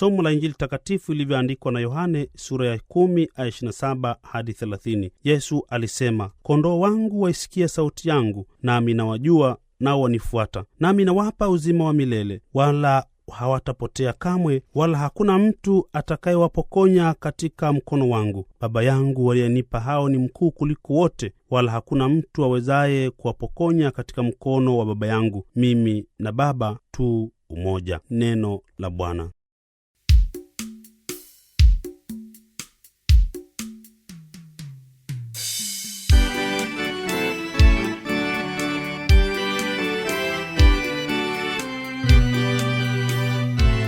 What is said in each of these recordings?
Somo la Injili takatifu ilivyoandikwa na Yohane sura ya 10 aya 27 hadi 30. Yesu alisema, kondoo wangu waisikia sauti yangu, nami nawajua, nao wanifuata, nami nawapa uzima wa milele, wala hawatapotea kamwe, wala hakuna mtu atakayewapokonya katika mkono wangu. Baba yangu waliyenipa hao ni mkuu kuliko wote, wala hakuna mtu awezaye kuwapokonya katika mkono wa Baba yangu. Mimi na Baba tu umoja. Neno la Bwana.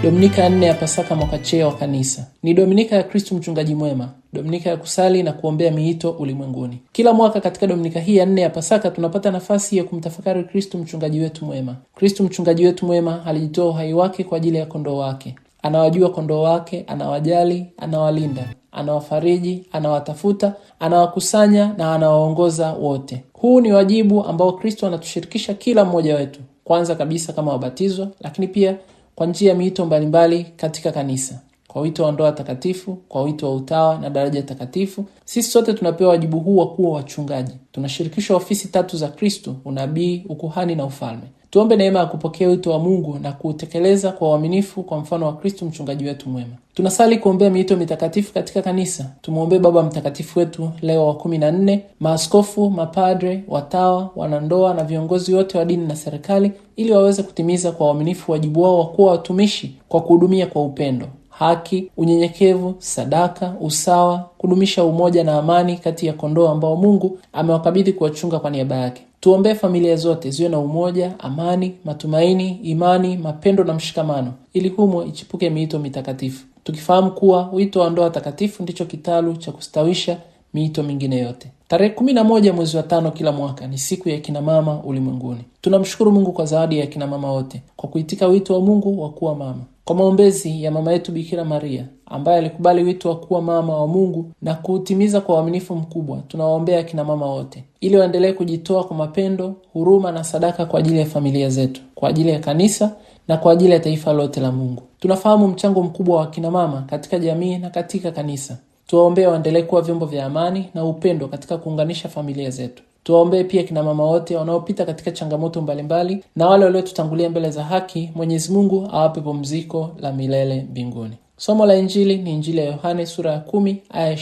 Dominika ya nne ya Pasaka mwaka C wa Kanisa ni dominika ya Kristu mchungaji mwema, dominika ya kusali na kuombea miito ulimwenguni. Kila mwaka katika dominika hii ya nne ya Pasaka tunapata nafasi ya kumtafakari Kristu mchungaji wetu mwema. Kristu mchungaji wetu mwema alijitoa uhai wake kwa ajili ya kondoo wake. Anawajua kondoo wake, anawajali, anawalinda, anawafariji, anawatafuta, anawakusanya na anawaongoza wote. Huu ni wajibu ambao Kristo anatushirikisha kila mmoja wetu, kwanza kabisa kama wabatizwa, lakini pia kwa njia ya miito mbalimbali katika kanisa, kwa wito wa ndoa takatifu, kwa wito wa utawa na daraja takatifu. Sisi sote tunapewa wajibu huu wa kuwa wachungaji. Tunashirikishwa ofisi tatu za Kristo: unabii, ukuhani na ufalme. Tuombe neema ya kupokea wito wa Mungu na kuutekeleza kwa uaminifu kwa mfano wa kristu mchungaji wetu mwema. Tunasali kuombea miito mitakatifu katika kanisa. Tumwombee Baba Mtakatifu wetu Leo wa kumi na nne, maaskofu, mapadre, watawa, wanandoa na viongozi wote wa dini na serikali, ili waweze kutimiza kwa uaminifu wajibu wao wa kuwa watumishi kwa kuhudumia kwa upendo haki, unyenyekevu, sadaka, usawa, kudumisha umoja na amani kati ya kondoo ambao Mungu amewakabidhi kuwachunga kwa niaba yake. Tuombee familia zote ziwe na umoja, amani, matumaini, imani, mapendo na mshikamano, ili humo ichipuke miito mitakatifu, tukifahamu kuwa wito wa ndoa takatifu ndicho kitalu cha kustawisha miito mingine yote. Tarehe moja mwezi wa tano kila mwaka ni siku ya kinamama mama ulimwenguni. Tunamshukuru Mungu kwa zawadi ya akina mama wote kwa kuitika wito wa Mungu wa kuwa mama. Kwa maombezi ya mama yetu Bikira Maria ambaye alikubali wito wa kuwa mama wa Mungu na kuutimiza kwa uaminifu mkubwa, tunawaombea kina mama wote ili waendelee kujitoa kwa mapendo, huruma na sadaka kwa ajili ya familia zetu, kwa ajili ya kanisa na kwa ajili ya taifa lote la Mungu. Tunafahamu mchango mkubwa wa akina mama katika jamii na katika kanisa. Tuwaombee waendelee kuwa vyombo vya amani na upendo katika kuunganisha familia zetu. Tuwaombee pia kina mama wote wanaopita katika changamoto mbalimbali mbali, na wale waliotutangulia mbele za haki. Mwenyezi Mungu awape pumziko la milele mbinguni. Somo la Injili ni Injili ya Yohane sura ya aya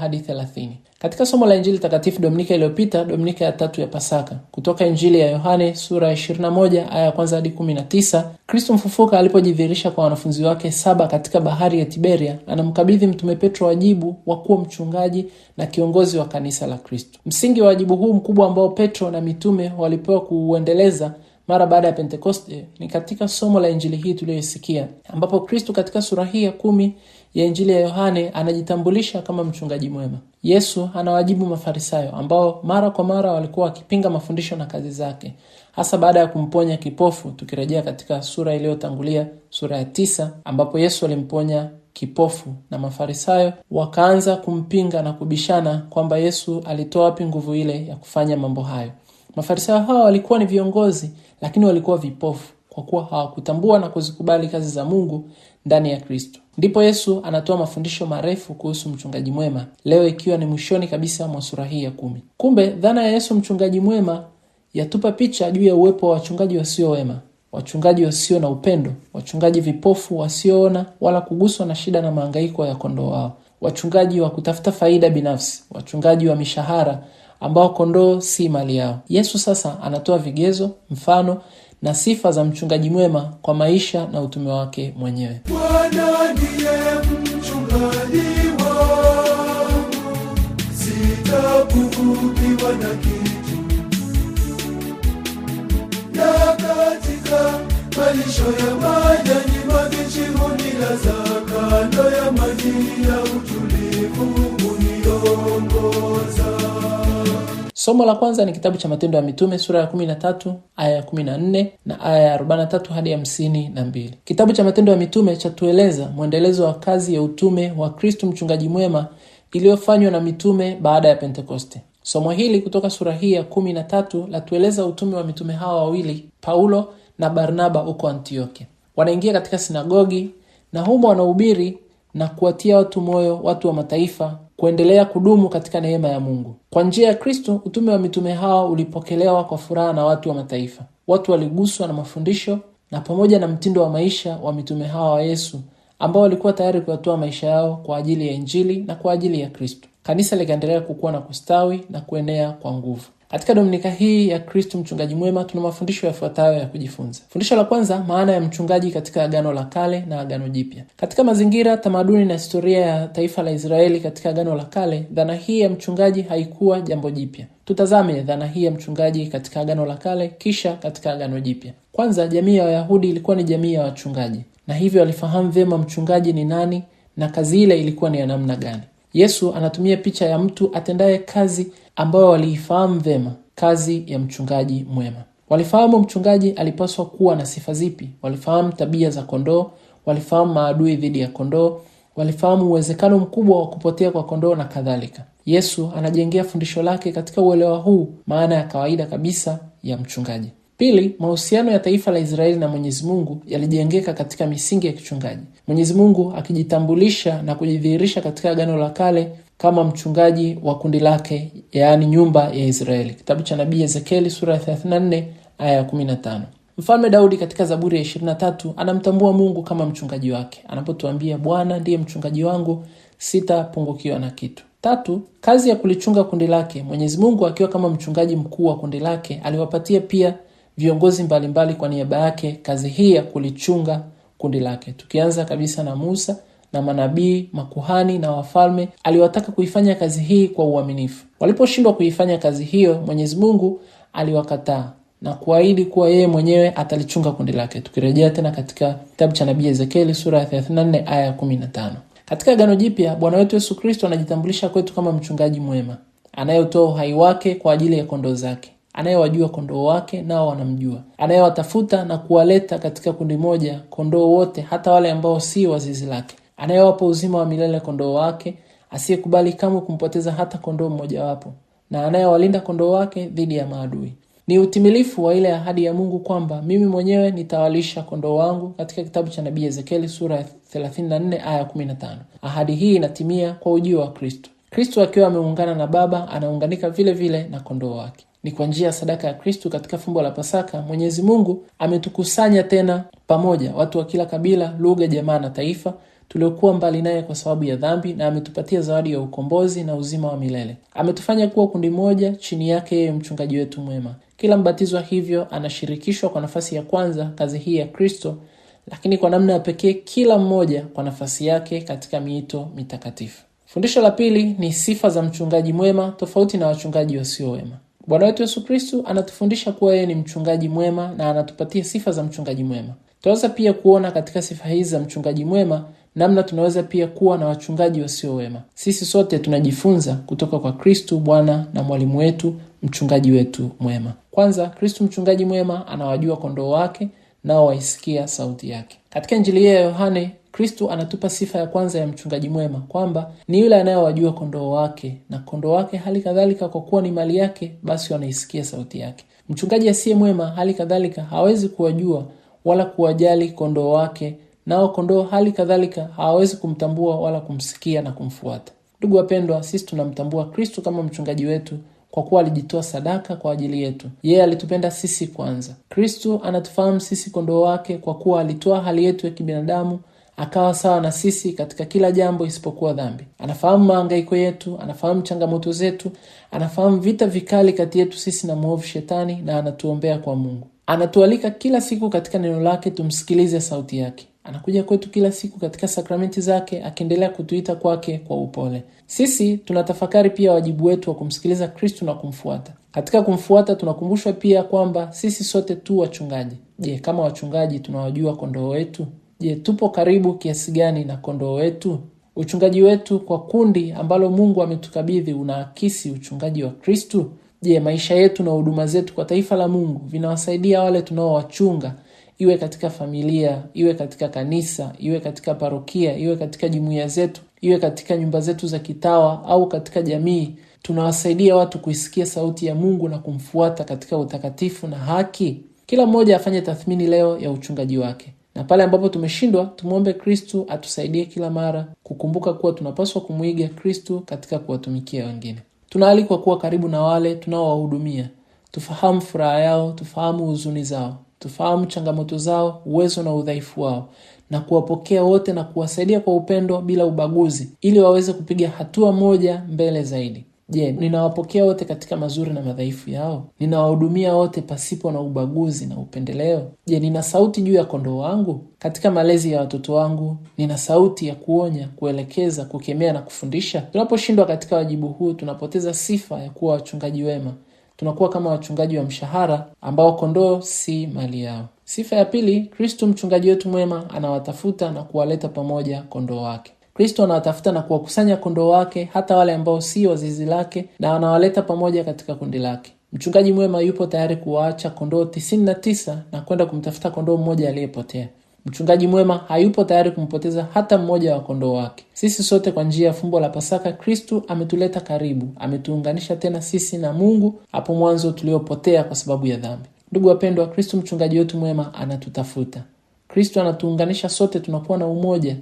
hadi 30. Katika somo la Injili takatifu Dominika iliyopita, Dominika ya tatu ya Pasaka, kutoka Injili ya Yohane sura ya aya ya kwanza hadi 19, Kristo mfufuka alipojidhirisha kwa wanafunzi wake saba katika bahari ya Tiberia, anamkabidhi Mtume Petro wajibu wa kuwa mchungaji na kiongozi wa kanisa la Kristo. Msingi wa wajibu huu mkubwa ambao Petro na mitume walipewa kuuendeleza mara baada ya Pentekoste ni katika somo la Injili hii tuliyoisikia, ambapo kristu katika sura hii ya kumi ya Injili ya Yohane anajitambulisha kama mchungaji mwema. Yesu anawajibu Mafarisayo ambao mara kwa mara walikuwa wakipinga mafundisho na kazi zake, hasa baada ya kumponya kipofu, tukirejea katika sura iliyotangulia, sura ya tisa, ambapo Yesu alimponya kipofu na Mafarisayo wakaanza kumpinga na kubishana kwamba Yesu alitoa wapi nguvu ile ya kufanya mambo hayo. Mafarisayo hawa walikuwa ni viongozi lakini walikuwa vipofu kwa kuwa hawakutambua na kuzikubali kazi za Mungu ndani ya Kristo. Ndipo Yesu anatoa mafundisho marefu kuhusu mchungaji mwema, leo ikiwa ni mwishoni kabisa mwa sura hii ya kumi. Kumbe dhana ya Yesu mchungaji mwema yatupa picha juu ya uwepo wa wachungaji wasio wema, wachungaji wasio na upendo, wachungaji vipofu wasioona wala kuguswa na shida na maangaiko ya kondoo wao, wachungaji wa kutafuta faida binafsi, wachungaji wa mishahara ambao kondoo si mali yao. Yesu sasa anatoa vigezo, mfano na sifa za mchungaji mwema kwa maisha na utume wake mwenyewe. Bwana mchungaji wangu, sitapungukiwa na kitu, na katika malisho ya majani mabichi hunilaza kando ya maji ya utulivu huniongoza Somo la kwanza ni kitabu cha Matendo ya Mitume sura ya 13 aya ya 14 na aya ya 43 hadi 52 Kitabu cha Matendo ya Mitume chatueleza mwendelezo wa kazi ya utume wa Kristo mchungaji mwema iliyofanywa na mitume baada ya Pentekoste. Somo hili kutoka sura hii ya 13 latueleza utume wa mitume hawa wawili, Paulo na Barnaba huko Antioke. Wanaingia katika sinagogi na humo wanahubiri na kuwatia watu moyo watu wa mataifa kuendelea kudumu katika neema ya Mungu. Kwa njia ya Kristo, utume wa mitume hawa ulipokelewa kwa furaha na watu wa mataifa. Watu waliguswa na mafundisho na pamoja na mtindo wa maisha wa mitume hawa wa Yesu ambao walikuwa tayari kuyatoa maisha yao kwa ajili ya Injili na kwa ajili ya Kristo. Kanisa likaendelea kukuwa na kustawi na kuenea kwa nguvu. Katika dominika hii ya kristu mchungaji mwema tuna mafundisho yafuatayo ya kujifunza. Fundisho la kwanza, maana ya mchungaji katika Agano la Kale na Agano Jipya. Katika mazingira, tamaduni na historia ya taifa la Israeli katika Agano la Kale, dhana hii ya mchungaji haikuwa jambo jipya. Tutazame dhana hii ya mchungaji katika Agano la Kale kisha katika Agano Jipya. Kwanza, jamii ya Wayahudi ilikuwa ni jamii ya wachungaji, na hivyo walifahamu vyema mchungaji ni nani na kazi ile ilikuwa ni ya namna gani. Yesu anatumia picha ya mtu atendaye kazi ambao waliifahamu vema kazi ya mchungaji mwema. Walifahamu mchungaji alipaswa kuwa na sifa zipi, walifahamu tabia za kondoo, walifahamu maadui dhidi ya kondoo, walifahamu uwezekano mkubwa wa kupotea kwa kondoo na kadhalika. Yesu anajengea fundisho lake katika uelewa huu maana ya kawaida kabisa ya mchungaji. Pili, mahusiano ya taifa la Israeli na Mwenyezi Mungu yalijengeka katika misingi ya kichungaji. Mwenyezi Mungu akijitambulisha na kujidhihirisha katika Agano la Kale kama mchungaji wa kundi lake, yaani nyumba ya Israeli. Kitabu cha nabii Ezekieli sura ya 34 aya ya 15. Mfalme Daudi katika Zaburi ya 23 anamtambua Mungu kama mchungaji wake anapotuambia, Bwana ndiye mchungaji wangu, sitapungukiwa na kitu. Tatu, kazi ya kulichunga kundi lake. Mwenyezi Mungu akiwa kama mchungaji mkuu wa kundi lake aliwapatia pia viongozi mbalimbali mbali kwa niaba yake kazi hii ya kulichunga kundi lake, tukianza kabisa na Musa na manabii, makuhani na wafalme. Aliwataka kuifanya kazi hii kwa uaminifu. Waliposhindwa kuifanya kazi hiyo, Mwenyezi Mungu aliwakataa na kuahidi kuwa yeye mwenyewe atalichunga kundi lake. Tukirejea tena katika kitabu cha nabii Ezekieli sura ya 34 aya ya 15. Katika gano Jipya, Bwana wetu Yesu Kristo anajitambulisha kwetu kama mchungaji mwema anayetoa uhai wake kwa ajili ya kondoo zake, anayewajua kondoo wake nao wanamjua, anayewatafuta na kuwaleta katika kundi moja kondoo wote, hata wale ambao si wazizi lake anayewapa uzima wa milele kondoo wake, asiyekubali kamwe kumpoteza hata kondoo mmojawapo, na anayewalinda kondoo wake dhidi ya maadui. Ni utimilifu wa ile ahadi ya Mungu kwamba mimi mwenyewe nitawalisha kondoo wangu katika kitabu cha nabii Ezekieli sura ya 34 aya 15. Ahadi hii inatimia kwa ujio wa Kristo. Kristo akiwa ameungana na Baba anaunganika vile vile na kondoo wake. Ni kwa njia ya sadaka ya kristu katika fumbo la Pasaka, Mwenyezi Mungu ametukusanya tena pamoja, watu wa kila kabila, lugha, jamaa na taifa, tuliokuwa mbali naye kwa sababu ya dhambi, na ametupatia zawadi ya ukombozi na uzima wa milele. Ametufanya kuwa kundi moja chini yake yeye, mchungaji wetu mwema. Kila mbatizwa hivyo anashirikishwa kwa nafasi ya kwanza kazi hii ya Kristo, lakini kwa namna ya pekee kila mmoja kwa nafasi yake katika miito mitakatifu. Fundisho la pili ni sifa za mchungaji mwema tofauti na wachungaji wasiowema Bwana wetu Yesu Kristu anatufundisha kuwa yeye ni mchungaji mwema na anatupatia sifa za mchungaji mwema. twaweza pia kuona katika sifa hizi za mchungaji mwema namna tunaweza pia kuwa na wachungaji wasio wema. Sisi sote tunajifunza kutoka kwa Kristu Bwana na mwalimu wetu, mchungaji wetu mwema. Kwanza, Kristu mchungaji mwema anawajua kondoo wake, nao waisikia sauti yake. Katika Injili ya Yohane, Kristu anatupa sifa ya kwanza ya mchungaji mwema kwamba ni yule anayewajua kondoo wake, na kondoo wake hali kadhalika, kwa kuwa ni mali yake, basi wanaisikia sauti yake. Mchungaji asiye mwema hali kadhalika hawezi kuwajua wala kuwajali kondoo wake nao kondoo hali kadhalika hawawezi kumtambua wala kumsikia na kumfuata. Ndugu wapendwa, sisi tunamtambua kristu kama mchungaji wetu kwa kuwa alijitoa sadaka kwa ajili yetu. Yeye alitupenda sisi kwanza. kristu anatufahamu sisi kondoo wake kwa kuwa alitoa hali yetu ya kibinadamu akawa sawa na sisi katika kila jambo isipokuwa dhambi. Anafahamu maangaiko yetu, anafahamu changamoto zetu, anafahamu vita vikali kati yetu sisi na mwovu Shetani, na anatuombea kwa Mungu. Anatualika kila siku katika neno lake tumsikilize sauti yake. Anakuja kwetu kila siku katika sakramenti zake, akiendelea kutuita kwake kwa upole. Sisi tunatafakari pia wajibu wetu wa kumsikiliza Kristu na kumfuata. Katika kumfuata tunakumbushwa pia kwamba sisi sote tu wachungaji. Je, kama wachungaji tunawajua kondoo wetu? Je, tupo karibu kiasi gani na kondoo wetu? Uchungaji wetu kwa kundi ambalo Mungu ametukabidhi unaakisi uchungaji wa Kristu? Je, maisha yetu na huduma zetu kwa taifa la Mungu vinawasaidia wale tunaowachunga iwe katika familia, iwe katika kanisa, iwe katika parokia, iwe katika jumuiya zetu, iwe katika nyumba zetu za kitawa au katika jamii, tunawasaidia watu kuisikia sauti ya Mungu na kumfuata katika utakatifu na haki. Kila mmoja afanye tathmini leo ya uchungaji wake, na pale ambapo tumeshindwa, tumwombe Kristu atusaidie kila mara kukumbuka kuwa tunapaswa kumwiga Kristu katika kuwatumikia wengine. Tunaalikwa kuwa karibu na wale tunaowahudumia, tufahamu furaha yao, tufahamu huzuni zao tufahamu changamoto zao, uwezo na udhaifu wao na kuwapokea wote na kuwasaidia kwa upendo bila ubaguzi ili waweze kupiga hatua moja mbele zaidi. Je, ninawapokea wote katika mazuri na madhaifu yao? Ninawahudumia wote pasipo na ubaguzi na upendeleo? Je, nina sauti juu ya kondoo wangu? Katika malezi ya watoto wangu, nina sauti ya kuonya, kuelekeza, kukemea na kufundisha? Tunaposhindwa katika wajibu huu, tunapoteza sifa ya kuwa wachungaji wema tunakuwa kama wachungaji wa mshahara ambao kondoo si mali yao. Sifa ya pili, kristu mchungaji wetu mwema anawatafuta na kuwaleta pamoja kondoo wake. Kristo anawatafuta na kuwakusanya kondoo wake, hata wale ambao si wazizi lake, na anawaleta pamoja katika kundi lake. Mchungaji mwema yupo tayari kuwaacha kondoo 99 tisa na kwenda kumtafuta kondoo mmoja aliyepotea. Mchungaji mwema hayupo tayari kumpoteza hata mmoja wa kondoo wake. Sisi sote kwa njia ya fumbo la Pasaka, Kristu ametuleta karibu, ametuunganisha tena sisi na Mungu hapo mwanzo tuliopotea kwa sababu ya dhambi. Ndugu wapendwa, Kristu mchungaji wetu mwema anatutafuta. Kristu anatuunganisha sote, tunakuwa na umoja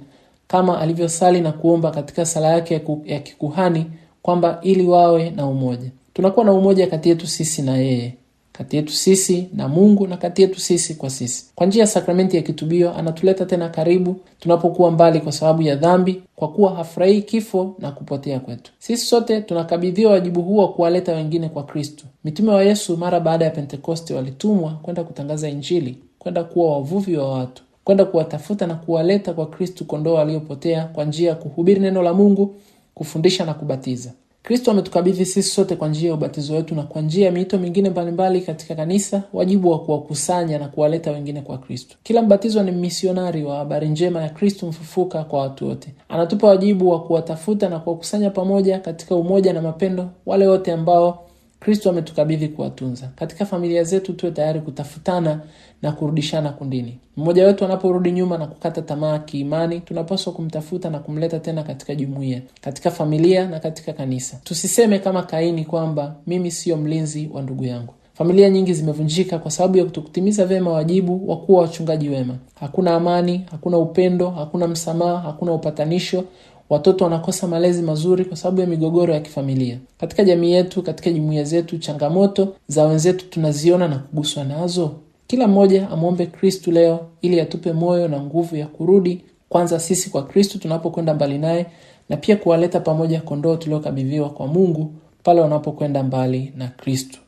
kama alivyosali na kuomba katika sala yake ya kikuhani kwamba ili wawe na umoja. Tunakuwa na umoja kati yetu sisi na yeye kati yetu sisi na Mungu na kati yetu sisi kwa sisi. Kwa njia ya sakramenti ya kitubio anatuleta tena karibu tunapokuwa mbali kwa sababu ya dhambi, kwa kuwa hafurahii kifo na kupotea kwetu. Sisi sote tunakabidhiwa wajibu huo wa kuwaleta wengine kwa Kristo. Mitume wa Yesu mara baada ya Pentekoste walitumwa kwenda kutangaza Injili, kwenda kuwa wavuvi wa watu, kwenda kuwatafuta na kuwaleta kwa Kristo kondoo waliopotea, kwa njia ya kuhubiri neno la Mungu, kufundisha na kubatiza. Kristo ametukabidhi sisi sote kwa njia ya ubatizo wetu na kwa njia ya miito mingine mbalimbali katika kanisa wajibu wa kuwakusanya na kuwaleta wengine kwa Kristo. Kila mbatizwa ni misionari wa habari njema ya Kristo mfufuka kwa watu wote. Anatupa wajibu wa kuwatafuta na kuwakusanya pamoja katika umoja na mapendo wale wote ambao Kristo ametukabidhi kuwatunza. Katika familia zetu tuwe tayari kutafutana na kurudishana kundini. Mmoja wetu anaporudi nyuma na kukata tamaa kiimani, tunapaswa kumtafuta na kumleta tena katika jumuiya, katika familia na katika kanisa. Tusiseme kama Kaini kwamba mimi siyo mlinzi wa ndugu yangu. Familia nyingi zimevunjika kwa sababu ya kutokutimiza vyema wajibu wa kuwa wachungaji wema. Hakuna amani, hakuna upendo, hakuna msamaha, hakuna upatanisho watoto wanakosa malezi mazuri kwa sababu ya migogoro ya kifamilia. Katika jamii yetu, katika jumuiya zetu, changamoto za wenzetu tunaziona na kuguswa nazo. Kila mmoja amwombe Kristu leo ili atupe moyo na nguvu ya kurudi kwanza sisi kwa Kristu tunapokwenda mbali naye, na pia kuwaleta pamoja kondoo tuliokabidhiwa kwa Mungu pale wanapokwenda mbali na Kristu.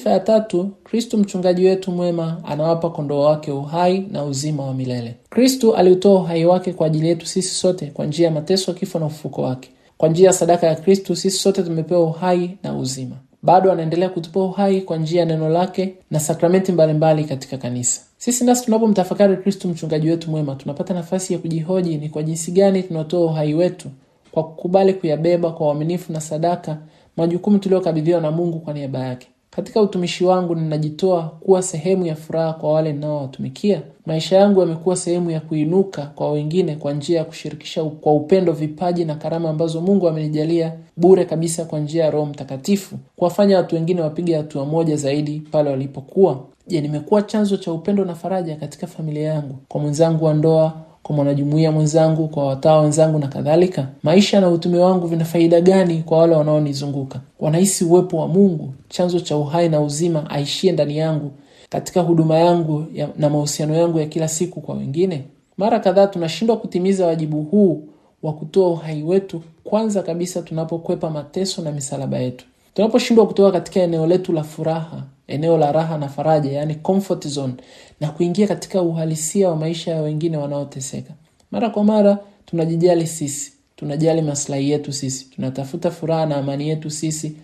Sifa ya tatu, kristu mchungaji wetu mwema anawapa kondoo wake uhai na uzima wa milele. kristu aliutoa uhai wake kwa ajili yetu sisi sote kwa njia ya mateso, kifo na ufufuko wake. Kwa njia ya sadaka ya kristu sisi sote tumepewa uhai na uzima. Bado anaendelea kutupa uhai kwa njia ya neno lake na sakramenti mbalimbali katika kanisa. Sisi nasi tunapomtafakari kristu mchungaji wetu mwema, tunapata nafasi ya kujihoji ni kwa jinsi gani tunatoa uhai wetu kwa kukubali kuyabeba kwa uaminifu na sadaka majukumu tuliyokabidhiwa na Mungu kwa niaba yake. Katika utumishi wangu ninajitoa kuwa sehemu ya furaha kwa wale ninaowatumikia. Maisha yangu yamekuwa sehemu ya kuinuka kwa wengine kwa njia ya kushirikisha kwa upendo vipaji na karama ambazo Mungu amenijalia bure kabisa kwa njia ya Roho Mtakatifu, kuwafanya watu wengine wapige hatua moja zaidi pale walipokuwa. Je, nimekuwa chanzo cha upendo na faraja katika familia yangu, kwa mwenzangu wa ndoa kwa mwanajumuia mwenzangu, kwa watawa wenzangu na kadhalika? Maisha na utume wangu vina faida gani kwa wale wanaonizunguka? Wanahisi uwepo wa Mungu, chanzo cha uhai na uzima, aishie ndani yangu katika huduma yangu ya, na mahusiano yangu ya kila siku kwa wengine. Mara kadhaa tunashindwa kutimiza wajibu huu wa kutoa uhai wetu kwanza kabisa tunapokwepa mateso na misalaba yetu, tunaposhindwa kutoka katika eneo letu la furaha eneo la raha na faraja, yani comfort zone, na kuingia katika uhalisia wa maisha ya wengine wanaoteseka. Mara kwa mara tunajijali sisi, tunajali maslahi yetu sisi, tunatafuta furaha na amani yetu sisi,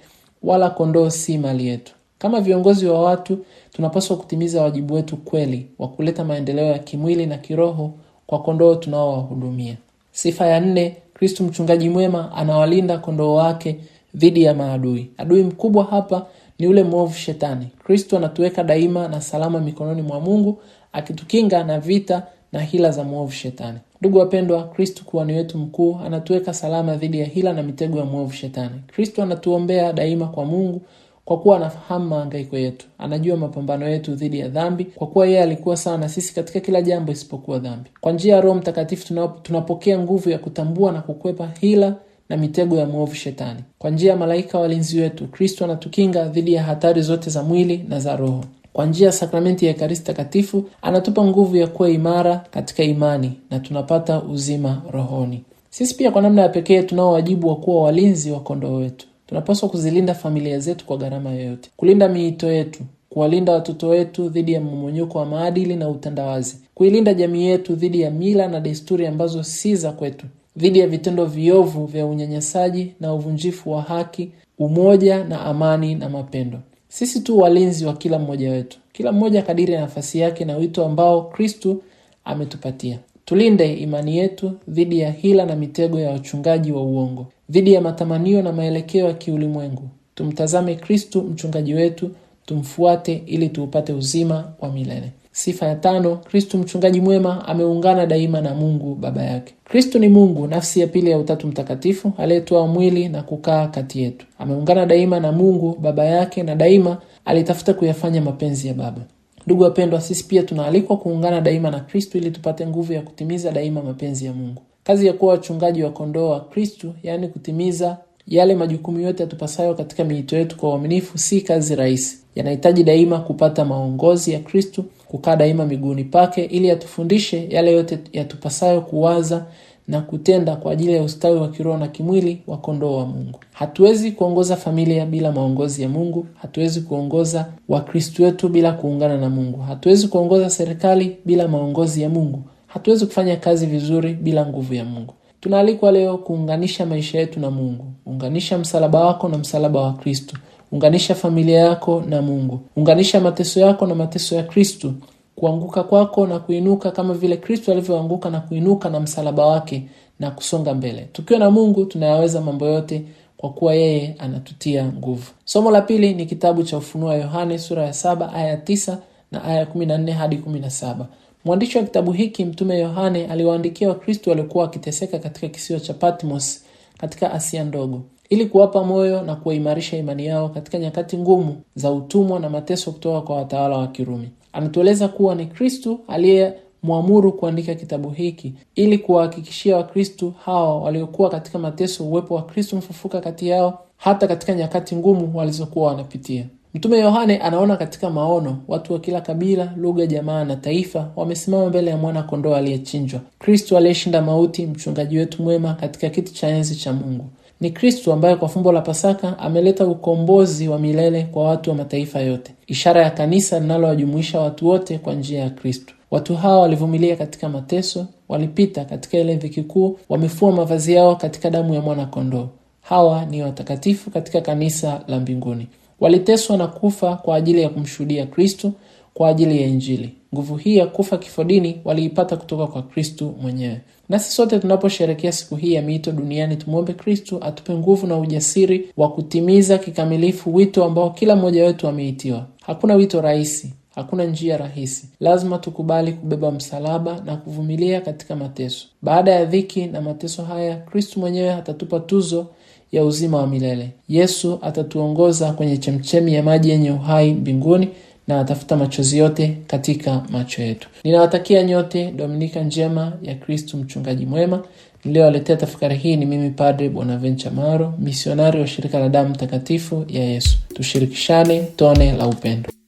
wala kondoo si mali yetu. Kama viongozi wa watu, tunapaswa kutimiza wajibu wetu kweli wa kuleta maendeleo ya kimwili na kiroho kwa kondoo tunaowahudumia. Sifa ya nne, kristu mchungaji mwema anawalinda kondoo wake dhidi ya maadui. Adui mkubwa hapa ni ule mwovu shetani. Kristo anatuweka daima na salama mikononi mwa Mungu, akitukinga na vita na hila za mwovu shetani. Ndugu wapendwa, kristu kuhani wetu mkuu anatuweka salama dhidi ya hila na mitego ya mwovu shetani. Kristo anatuombea daima kwa Mungu kwa kuwa anafahamu maangaiko yetu, anajua mapambano yetu dhidi ya dhambi, kwa kuwa yeye alikuwa sawa na sisi katika kila jambo isipokuwa dhambi. Kwa njia ya Roho Mtakatifu tunapokea nguvu ya kutambua na kukwepa hila na mitego ya mwovu Shetani. Kwa njia ya malaika walinzi wetu, Kristo anatukinga dhidi ya hatari zote za mwili na za roho. Kwa njia ya sakramenti ya Ekaristi Takatifu anatupa nguvu ya kuwa imara katika imani na tunapata uzima rohoni. Sisi pia kwa namna ya pekee tunao wajibu wa kuwa walinzi wa kondoo wetu. Tunapaswa kuzilinda familia zetu kwa gharama yoyote, kulinda miito yetu, kuwalinda watoto wetu dhidi ya mmomonyoko wa maadili na utandawazi, kuilinda jamii yetu dhidi ya mila na desturi ambazo si za kwetu, dhidi ya vitendo viovu vya unyanyasaji na uvunjifu wa haki, umoja na amani na mapendo. Sisi tu walinzi wa kila mmoja wetu, kila mmoja kadiri ya nafasi yake na wito ambao Kristu ametupatia. Tulinde imani yetu dhidi ya hila na mitego ya wachungaji wa uongo, dhidi ya matamanio na maelekeo ya kiulimwengu. Tumtazame Kristu mchungaji wetu, tumfuate ili tuupate uzima wa milele. Sifa ya tano, Kristu mchungaji mwema ameungana daima na Mungu Baba yake. Kristu ni Mungu, nafsi ya pili ya Utatu Mtakatifu, aliyetoa mwili na kukaa kati yetu. Ameungana daima na Mungu Baba yake na daima alitafuta kuyafanya mapenzi ya Baba. Ndugu wapendwa, sisi pia tunaalikwa kuungana daima na Kristu ili tupate nguvu ya kutimiza daima mapenzi ya Mungu. Kazi ya kuwa wachungaji wa kondoo wa Kristu, yaani kutimiza yale majukumu yote yatupasayo katika miito yetu kwa uaminifu, si kazi rahisi. Yanahitaji daima kupata maongozi ya Kristu kukaa daima miguuni pake ili atufundishe yale yote yatupasayo kuwaza na kutenda kwa ajili ya ustawi wa kiroho na kimwili wa kondoo wa Mungu. Hatuwezi kuongoza familia bila maongozi ya Mungu. Hatuwezi kuongoza Wakristo wetu bila kuungana na Mungu. Hatuwezi kuongoza serikali bila maongozi ya Mungu. Hatuwezi kufanya kazi vizuri bila nguvu ya Mungu. Tunaalikwa leo kuunganisha maisha yetu na Mungu. Unganisha msalaba wako na msalaba wa Kristo. Unganisha familia yako na Mungu. Unganisha mateso yako na mateso ya Kristu, kuanguka kwako na kuinuka, kama vile Kristu alivyoanguka na kuinuka na msalaba wake na kusonga mbele. Tukiwa na Mungu tunayaweza mambo yote kwa kuwa yeye anatutia nguvu. Somo la pili ni kitabu cha Ufunuo wa Yohane sura ya saba aya tisa na aya na nne hadi saba. Mwandishi wa kitabu hiki Mtume Yohane aliwaandikia Wakristo waliokuwa wakiteseka katika kisiwa cha Patmos katika Asia Ndogo ili kuwapa moyo na kuimarisha imani yao katika nyakati ngumu za utumwa na mateso kutoka kwa watawala wa Kirumi. Anatueleza kuwa ni Kristu aliyemwamuru kuandika kitabu hiki ili kuwahakikishia Wakristu hawa waliokuwa katika mateso uwepo wa Kristu mfufuka kati yao hata katika nyakati ngumu walizokuwa wanapitia. Mtume Yohane anaona katika maono watu wa kila kabila, lugha, jamaa na taifa wamesimama mbele ya mwana kondoo aliyechinjwa, Kristu aliyeshinda mauti, mchungaji wetu mwema katika kiti cha enzi cha Mungu. Ni Kristu ambaye kwa fumbo la Pasaka ameleta ukombozi wa milele kwa watu wa mataifa yote, ishara ya kanisa linalowajumuisha watu wote kwa njia ya Kristu. Watu hawa walivumilia katika mateso, walipita katika ile dhiki kuu, wamefua mavazi yao katika damu ya mwana-kondoo. Hawa ni watakatifu katika kanisa la mbinguni, waliteswa na kufa kwa ajili ya kumshuhudia Kristu kwa ajili ya Injili. Nguvu hii ya kufa kifodini waliipata kutoka kwa Kristu mwenyewe. Nasi sote tunaposherekea siku hii ya miito duniani, tumwombe Kristu atupe nguvu na ujasiri wa kutimiza kikamilifu wito ambao kila mmoja wetu ameitiwa. Hakuna wito rahisi, hakuna njia rahisi. Lazima tukubali kubeba msalaba na kuvumilia katika mateso. Baada ya dhiki na mateso haya, Kristu mwenyewe atatupa tuzo ya uzima wa milele. Yesu atatuongoza kwenye chemchemi ya maji yenye uhai mbinguni na atafuta machozi yote katika macho yetu. Ninawatakia nyote Dominika njema ya Kristu mchungaji mwema. Niliyowaletea tafakari hii ni mimi Padre Bonaventure Maro, misionari wa shirika la damu takatifu ya Yesu. Tushirikishane tone la upendo.